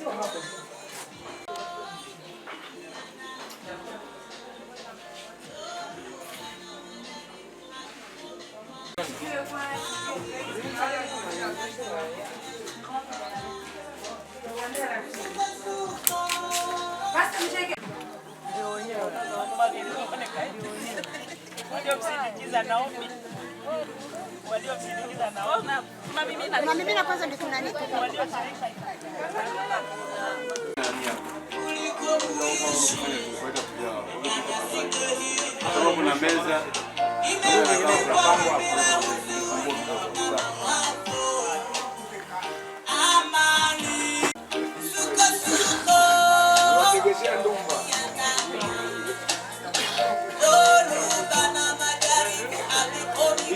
không? wenyewe. Ndio wenyewe. Ndio msindikiza naomi. Tunamimina kwanza ndio tunani. Kuna meza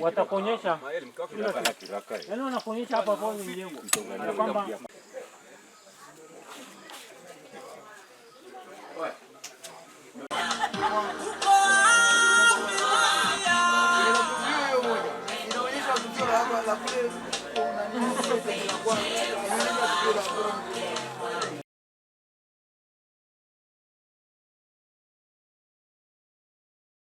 watakuonyesha, yaani wanakuonyesha hapa hapo ni mjengo kwamba